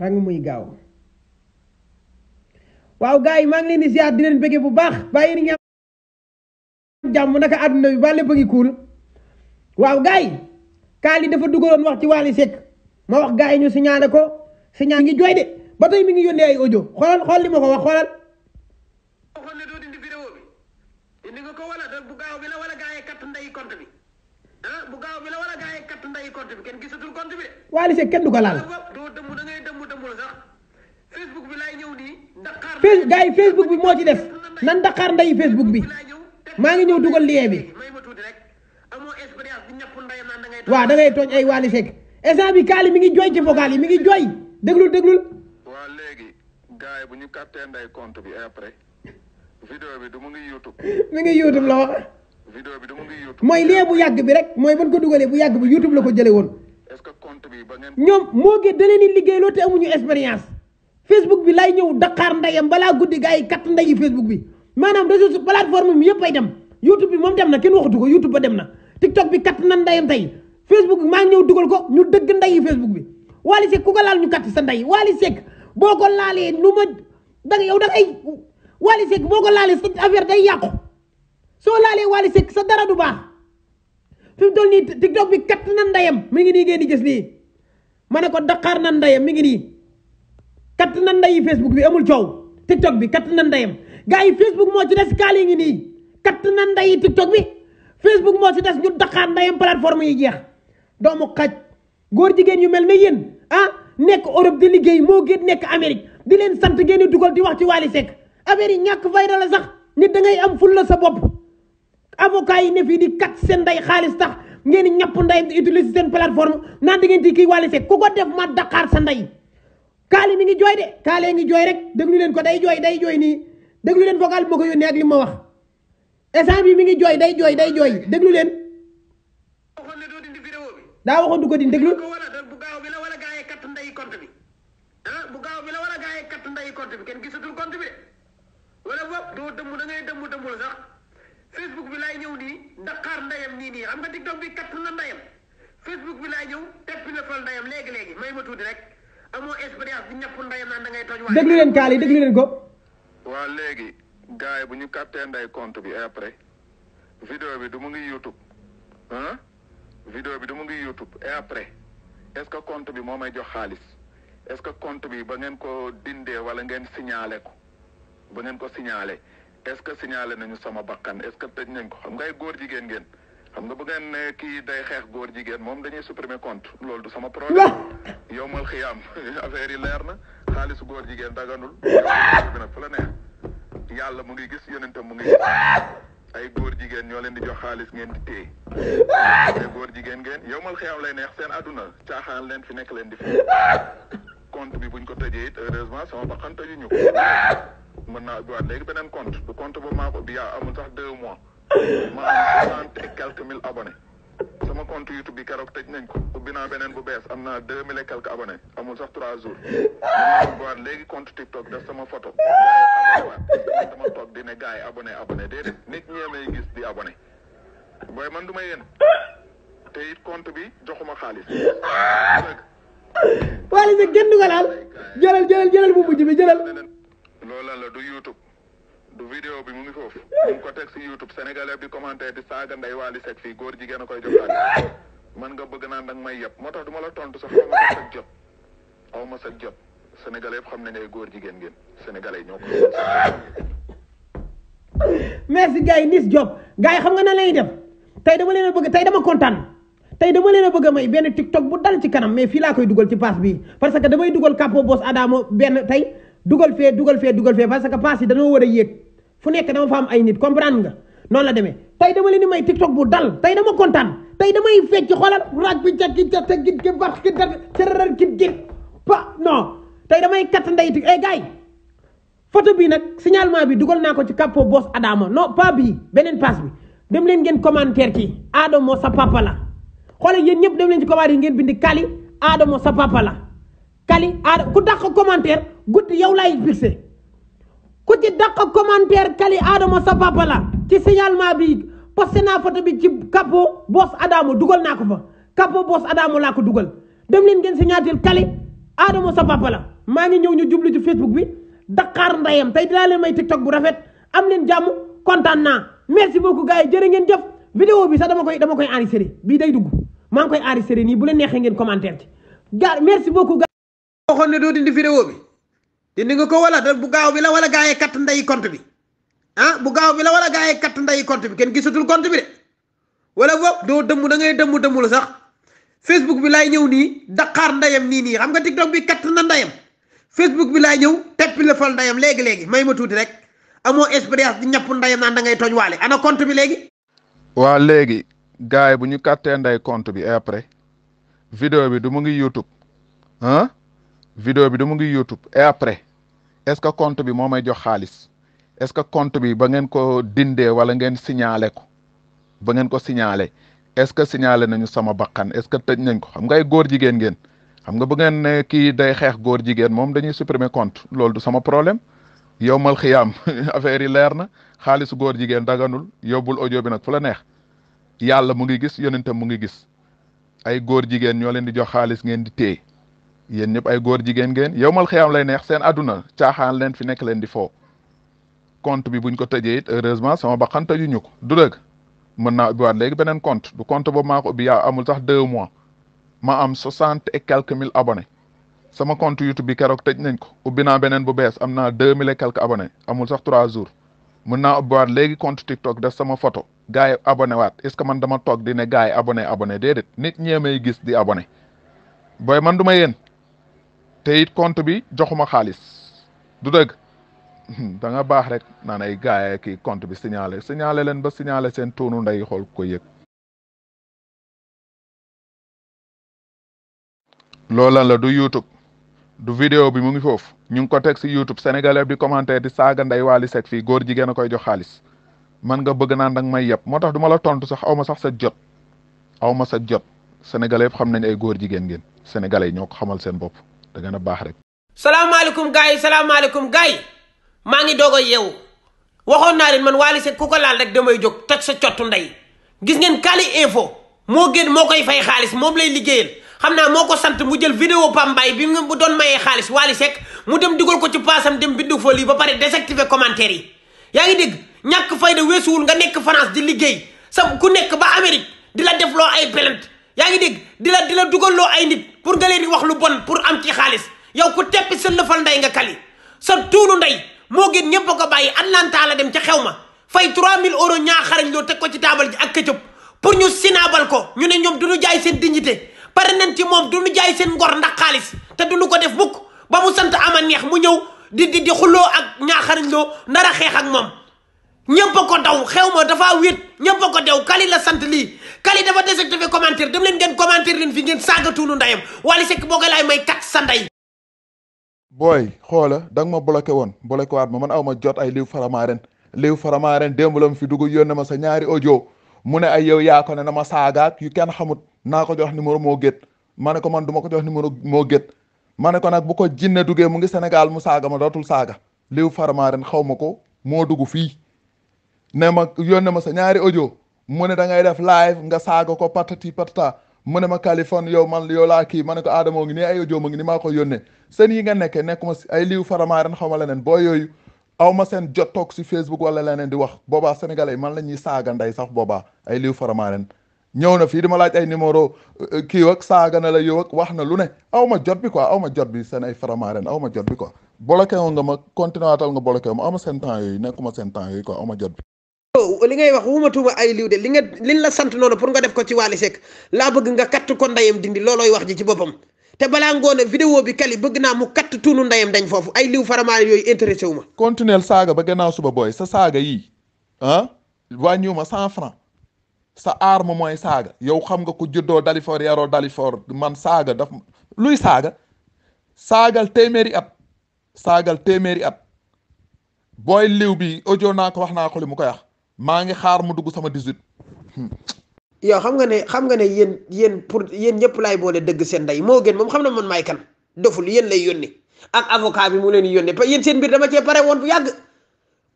rang muy gaaw waaw gars yi maa ngi leen di ziar di bu baax bàyyi ni nga jàmm naka àdduna bi ba lépp a ngi kuul waaw gars dafa dugaloon wax ci Wally Seck ma wax gars ñu signalé ko signalé ngi jooy de ba tey mi ngi yónnee ay audio xoolal xool li ma ko wax xoolal bu gaaw bi la wala gaay kat ndey compte bi ah, bu gaaw bi la wala kenn gisatul compte bi Wally Seck kenn du ko laal face gars yi Facebook bi moo ci des nan Dakar ndeyu Facebook bi maa ngi ñëw dugal lien bi waaw da ngay tooñ ay Wally Seck instant bi Kaali mi ngi jooy ci vocal yi mi ngi jooy déglul déglul. waaw léegi gars yi bu ñu capté nday compte bi après. vidéo bi du mu ngi YouTube. mi ngi YouTube la bi du mooy lien bu yàgg bi rek mooy ban ko dugalee bu yàgg bi YouTube la ko jëlee woon. est-ce que compte bi ba ngeen. ñoom moo gën da leen di liggéeyloo te amuñu expérience. Facebook bi laay ñëw daqaar ndeyam balaa guddi gaa yi kat ndeyi Facebook bi maanaam réseau plateforme mu yëpp ay dem YouTube bi moom dem na kenn waxatu ko YouTube ba dem na TikTok bi kat na ndeyam tey Facebook bi maa ngi dugal ko ñu dëgg ndeyi Facebook bi Wally Seck ku ko laal ñu kat sa ndey Wally Seck boo ko laalee lu ma danga yow danga ay Wally Seck boo ko laalee sa affaire day yàqu soo laalee Wally Seck sa dara du baax fi mu toll nii TikTok mi ngi nii ngeen di gis nii ma ne ko daqaar na ndeyam mi ngi nii. katt na ndeyi Facebook bi amul coow TikTok bi katt na ndeyam gars yi Facebook moo ci des kaale ngi nii katt na ndeyi TikTok bi Facebook moo ci des ñu daqaat ndeyam plateforme yi jeex doomu xaj góor jigéen yu mel na yéen ah nekk Europe di liggéey moo gën nekk Amérique di leen sant ngeen di dugal di wax ci Wally Seck affaire yi ñàkk fayda la sax nit da am ful la sa bopp avocat yi ne fii di kat seen nday xaalis tax ngeen ñapp nday di utiliser seen plateforme naan da ngeen di kii Wally Seck ko def ma daqaar sa nday kaali mi ngi jooy de kaalee ngi jooy rek déglu leen ko day jooy day jooy nii déglu leen vocal ma ko yónnee ak li ma wax instant bi mi ngi jooy day jooy day jooy déglu leen daa waxoon du ko din déglu wala boog doo dëmm da ngay dëmm dëmmul sax Facebook bi laay ñëw nii daqaar ndayam nii nii xam nga TikTok bi katt na ndayam Facebook bi laay ñëw teppi na fal ndayam léegi léegi may ma tuuti rek. amoo expérience bu ñàkkul ndeyam naan da ngay tooñ waaye. déglu leen kaal yi déglu leen ko. waa léegi gars yi bu ñu capté nday compte bi après video bi du mu ngi YouTube ah vidéo bi du mu ngi YouTube et après est-ce que compte bi moo may jox xaalis est-ce que compte bi ba ngeen ko dindee wala ngeen signalé ko ba ngeen ko signalé est-ce que signalé nañu sama bakkan est que tëj nañ ko xam ngay góor jigéen ngeen. xam nga bëgg ngeen ne kii day xeex góor jigéen moom dañuy supprimer compte loolu du sama problème yow mal xiyaam affaire yi leer na xaalisu góor jigéen daganul bi nag fa la neex yàlla mu ngi gis yonente mu ngi ay góor jigéen ñoo leen di jox xaalis ngeen di téye te jigéen ngeen yow mal xiyaam lay neex seen àdduna caaxaan leen fi nekk leen di fi compte bi buñ ko tëjee it heureusement sama baxan tëjuñu ko mën naa ubbiwaat léegi beneen compte du compte ba maa bi yaa amul sax deux mois maanaam soixante et quelques mille abonnés sama compte YouTube bi keroog tëj nañ ko ubbi naa beneen bu bees am naa deux mille et quelques abonnés amul sax trois jours ma bowaat léegi compte TikTok def sama photo abonné dama toog di ne gars yi abonné abonné déedéet nit ñeemay gis di abonné booy man du ma yéen te it compte bi joxuma xaalis waaye nag kenn du laal jëlal jëlal bu mujj bi jëlal loolu la du YouTube du vidéo bi mu ngi foofu mu ngi ko teg si YouTube sénégalais bi commenté di saaga nday Wally Seck fii góor jigéen a koy jox man nga bëgg naan danga may yëpp moo tax du ma la tontu sax xaw ma sa jot xaw ma sa jot sénégalais yëpp xam nañ ne góor jigéen ngeen sénégalais ñoo ko. merci gars yi Liss Diop gars yi xam nga na lay def tey dama leen a bëgg tey dama kontaan tey dama leen a bëgg a may benn TikTok bu dal ci kanam mais fii laa koy dugal ci paas bi parce que damay dugal Capo Boss Adamo benn tey dugal fee dugal fee dugal fee parce que paas yi dañoo war a yéeg. fu nekk dama fa am ay nit comprendre nga noon la demee tey dama leen di may tiktok bu dal tey dama kontaan tey damay fecc xoolal raag bi jaggi jate git ki bax ki da cararar git git damay kat ndey tik ay gars yi photo bii nag signalement bi dugal naa ko ci capot boss Adama non pas bii beneen pass bi dem leen ngeen commentaire ci Adamo sa papa la xoolal yéen ñëpp dem leen ci commentaire yi ngeen bindi Kali Adamo sa papa la Kali Adamo ku dàq commentaire guddi yow laay fixé ku ci dàq commentaire kali Adama sa papa la ci signalement bi posté naa photo bi ci capo boss Adamo dugal naa ko fa capo boss Adamo laa ko dugal dem leen ngeen signaler kali Adama sa papa la maa ngi ñëw ñu jublu ci Facebook bi Dakar ndeyam tey dinaa leen may TikTok bu rafet am leen jàmm kontaan naa merci beaucoup gars yi jërë ngeen jëf vidéo bi sax dama koy dama koy enregistré bii day dugg maa ngi koy enregistré nii bu leen neexee ngeen commentaire ci gars merci beaucoup gars waxoon ne doo dindi vidéo dindi nga ko wala da bu gaaw bi la wala gaa yee katt nday compte bi ah bu gaaw bi la wala gaa yee katt nday bi kenn gisatul compte bi de wala boog doo dëmm da ngay dëmm dëmm sax Facebook bi laay ñëw nii daqaar ndayam nii nii xam nga TikTok bi katt na ndayam Facebook bi laay ñëw teppi la fal ndayam léegi léegi may ma tuuti rek amoo expérience di ñàpp ndayam naan da ngay tooñ waale ana compte bi léegi. waa léegi gars yi bu ñu kattee nday compte bi après vidéo bi du mu ngi YouTube ah. vidéo bi dama ngi YouTube et après est-ce que compte bi moo may jox xaalis est-ce que compte bi ba ngeen ko dindee wala ngeen signalé ko ba ngeen ko signale est-ce que signalé nañu sama bakkan est-ce que tëj nañ ko xam ngay ay góor jigéen ngeen xam nga ba ngeen ne kii day xeex góor jigéen moom dañuy supprimer compte loolu du sama problème yow mal xiyaam affaire yi leer na xaalisu góor jigéen daganul yóbbul audio bi nag fu la neex yàlla mu ngi gis yonentam mu ngi gis ay góor jigéen ñoo leen di jox xaalis ngeen di téye yéen ñëpp ay góor jigéen ngeen yowmal xiyaam lay neex seen àdduna caaxaan leen fi nekk leen di foo compte bi buñ ko tëjee it heureusement sama baxan tëjuñu ko du dëgg mën naa ubbiwaat léegi beneen compte du compte boobu maa ko ubbi yaa amul sax deux mois ma am soixante et quelques mille abonnés sama compte YouTube bi keroog tëj nañ ko ubbi naa beneen bu bees am naa deux mille et quelques abonnés amul sax trois jours mën naa ubbiwaat léegi compte TikTok def sama photo gars yi abonné waat est que man dama toog di ne gars yi abonné abonné nit ñee may gis di abonné booy man du yéen te it compte bi joxuma xaalis du dëgg danga baax rek naan ay gaay kii compte bi signalé signalé leen ba signalé seen tuunu nday xool ko yëg loolan la du YouTube du video bi mu ngi foofu ñu ngi ko teg si YouTube sénégalais bi commenté di saaga nday waali sek fii góor jigéen a koy jox xaalis man nga bëgg naan danga may yëpp moo tax du ma la tontu sax aw ma sax sa jot aw ma sa jot sénégalais yëpp xam nañ ay góor jigéen ngeen sénégalais yi ñoo ko xamal seen bopp da ngeen baax rek. salaamaaleykum gars yi salaamaaleykum gars yi maa ngi doog a yeewu waxoon naa leen man Wally Seck ku ko laal rek damay jóg toj sa cottu ndey gis ngeen Kali fo moo gën moo koy fay xaalis moom lay liggéeyal xam naa moo ko sant mu jël vidéo Pambaay bi mu doon mayee xaalis Wally Seck mu dem dugal ko ci paasam dem bindu fa lii ba pare désactiver commentaire yi yaa ngi dégg ñàkk fay da weesuwul nga nekk France di liggéey sa ku nekk ba Amérique di la defloo ay plainte yaa ngi dégg di di la dugalloo ay nit pour nga leen di wax lu bon pour am ci xaalis yow ku tepp sa lëfal ndey nga kali sa tuulu ndey moo gën ñëpp a ko bàyyi Atlanta la dem ca xew ma fay 3000 euros ñaa xarañ loo teg ko ci taabal ji ak këccëb pour ñu sinaabal ko ñu ne ñoom du ñu jaay seen te pare nañ ci moom du ñu jaay seen ngor ndax xaalis te du ñu ko def mukk ba mu sant am a neex mu ñëw di di di xuloo ak ñaa xarañ loo ndara a xeex ak moom. ñëpp a ko daw xew ma dafa wéet ñëpp a ko daw Kali la sant li Kali dafa désactivé commentaire dem leen ngeen commentaire leen fi ngeen saagatuulu ndayam Wally sekk boo ko laay may kat sa nday booy xoola da nga ma bloqué woon bloqué waat ma man aw ma jot ay liw faramaaren liw faramaaren démb la mu fi dugg yónnee ma sa ñaari ojo mu ne ay yow yaa ne na ma saagaat yu kenn xamut naa ko jox numéro moo gét ma ne ko man du ko jox numéro moo gét ma ne ko nag bu ko jinne duggee mu ngi Sénégal mu saaga ma dootul saaga liw faramaaren xaw ma ko moo dugg fii ne ma yónnee ma sa ñaari audio mu ne da ngay def live nga saaga ko patati patata mu ne ma Kaliphone yow man yow laa kii ma ne ko Adama ngi nii ay audio ma ngi ni ma ko yónnee seen yi nga nekkee nekkuma si ay liiw farama ren xaw ma leneen boo yooyu ma seen jot toog si wala leneen di wax boobaa sénégalais man la ñuy saaga ndey sax boobaa ay liiw farama ren ñëw na fii di ma laaj ay numéro eh, kii ak saaga na la yow wax na lu ne aw ma jot bi quoi aw ma jot bi seen ay farama ren aw ma jot bi quoi bloqué nga ma continué nga bloqué ma aw yooyu nekkuma seen temps yooyu quoi aw ma jot bi li ngay wax wumatuma ay liw de li nga liñ la sant noonu pour nga def ko ci Wally Seck laa bëgg nga katt ko ndayam dindi loolooy wax ji ci boppam te balaa ngoone vidéo bi kali bëgg naa mu katt tuunu ndayam dañ foofu ay liw faramaane yooyu intéressé wu ma continuel saaga ba gannaaw suba booy sa saaga yii ah wàññiwu ma cent franc sa aar mooy saaga yow xam nga ko juddoo Dalifort yaroo Dalifort man saaga daf luy saaga saagal téeméeri at saagal téeméeri at booy liw bi audio naa ko wax naa ko li mu koy wax maa ngi xaar mu dugg sama 18. yow xam nga ne xam nga ne yéen yéen pour yéen ñëpp laay boole dëgg seen ndey moo gën moom xam na man maay kan doful yen lay yónni ak avocat bi mu leen di yónni parce que yéen seen mbir dama cee pare woon bu yàgg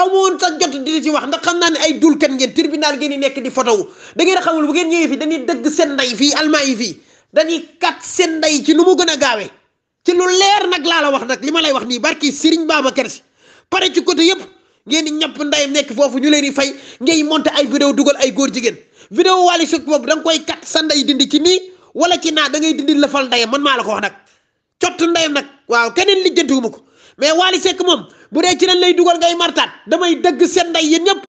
amoon sax jot di ci wax ndax xam naa ne ay dulkat ngeen tribunal ngeen di nekk di fotowu da ngeen xamul bu ngeen ñëwee fii dañuy dëgg seen fii almaa yi fii dañuy kat seen ndey ci nu mu gën a gaawee ci lu leer nag laa la wax nag li ma lay wax nii barki Serigne kere Si pare ci côté yëpp ngeen di ñëpp ndayam nekk foofu ñu leen di fay ngay monter ay vidéo dugal ay góor jigéen vidéo Wally Seck boobu da koy kat sa nday dindi ci nii wala ci naa da ngay dindi la fal man maa la ko wax nag cott ndayam nag waaw keneen lijjantiwuma ko mais Wally Seck moom bu dee ci leen lay dugal ngay martaat damay dëgg seen ndey yéen ñëpp